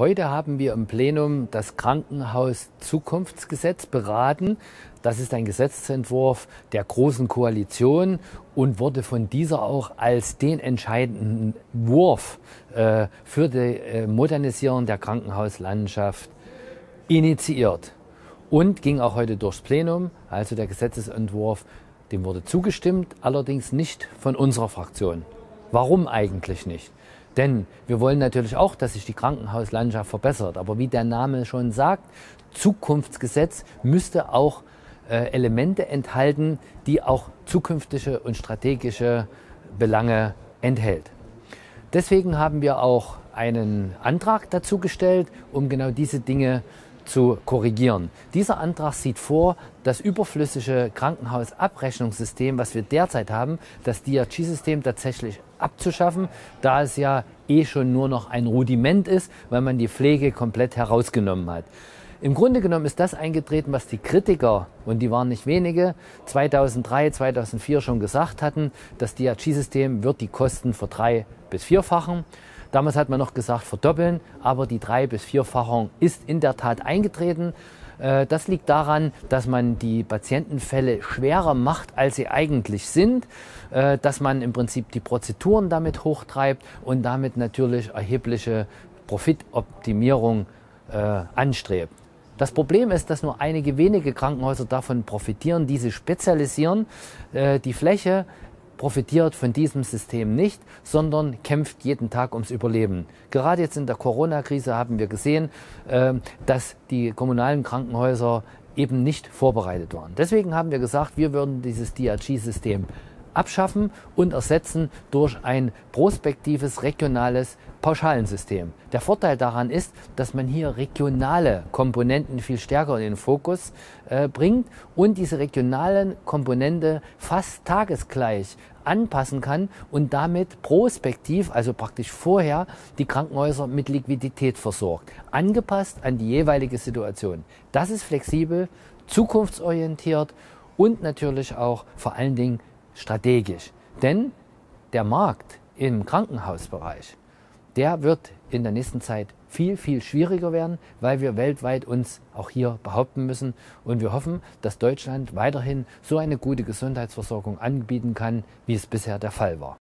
Heute haben wir im Plenum das Krankenhaus Zukunftsgesetz beraten. Das ist ein Gesetzentwurf der Großen Koalition und wurde von dieser auch als den entscheidenden Wurf äh, für die äh, Modernisierung der Krankenhauslandschaft initiiert und ging auch heute durchs Plenum. Also der Gesetzentwurf, dem wurde zugestimmt, allerdings nicht von unserer Fraktion. Warum eigentlich nicht? Denn wir wollen natürlich auch, dass sich die Krankenhauslandschaft verbessert. Aber wie der Name schon sagt, Zukunftsgesetz müsste auch äh, Elemente enthalten, die auch zukünftige und strategische Belange enthält. Deswegen haben wir auch einen Antrag dazu gestellt, um genau diese Dinge zu korrigieren. Dieser Antrag sieht vor, das überflüssige Krankenhausabrechnungssystem, was wir derzeit haben, das DRG-System tatsächlich abzuschaffen, da es ja eh schon nur noch ein Rudiment ist, weil man die Pflege komplett herausgenommen hat. Im Grunde genommen ist das eingetreten, was die Kritiker, und die waren nicht wenige, 2003, 2004 schon gesagt hatten, das DRG-System wird die Kosten verdrei- bis vierfachen. Damals hat man noch gesagt verdoppeln, aber die drei- bis vierfachung ist in der Tat eingetreten. Äh, das liegt daran, dass man die Patientenfälle schwerer macht, als sie eigentlich sind, äh, dass man im Prinzip die Prozeduren damit hochtreibt und damit natürlich erhebliche Profitoptimierung äh, anstrebt. Das Problem ist, dass nur einige wenige Krankenhäuser davon profitieren, diese spezialisieren, die Fläche profitiert von diesem System nicht, sondern kämpft jeden Tag ums Überleben. Gerade jetzt in der Corona-Krise haben wir gesehen, ähm, dass die kommunalen Krankenhäuser eben nicht vorbereitet waren. Deswegen haben wir gesagt, wir würden dieses DRG-System abschaffen und ersetzen durch ein prospektives regionales Pauschalensystem. Der Vorteil daran ist, dass man hier regionale Komponenten viel stärker in den Fokus äh, bringt und diese regionalen Komponente fast tagesgleich anpassen kann und damit prospektiv, also praktisch vorher, die Krankenhäuser mit Liquidität versorgt. Angepasst an die jeweilige Situation. Das ist flexibel, zukunftsorientiert und natürlich auch vor allen Dingen strategisch. Denn der Markt im Krankenhausbereich der wird in der nächsten Zeit viel, viel schwieriger werden, weil wir weltweit uns auch hier behaupten müssen. Und wir hoffen, dass Deutschland weiterhin so eine gute Gesundheitsversorgung anbieten kann, wie es bisher der Fall war.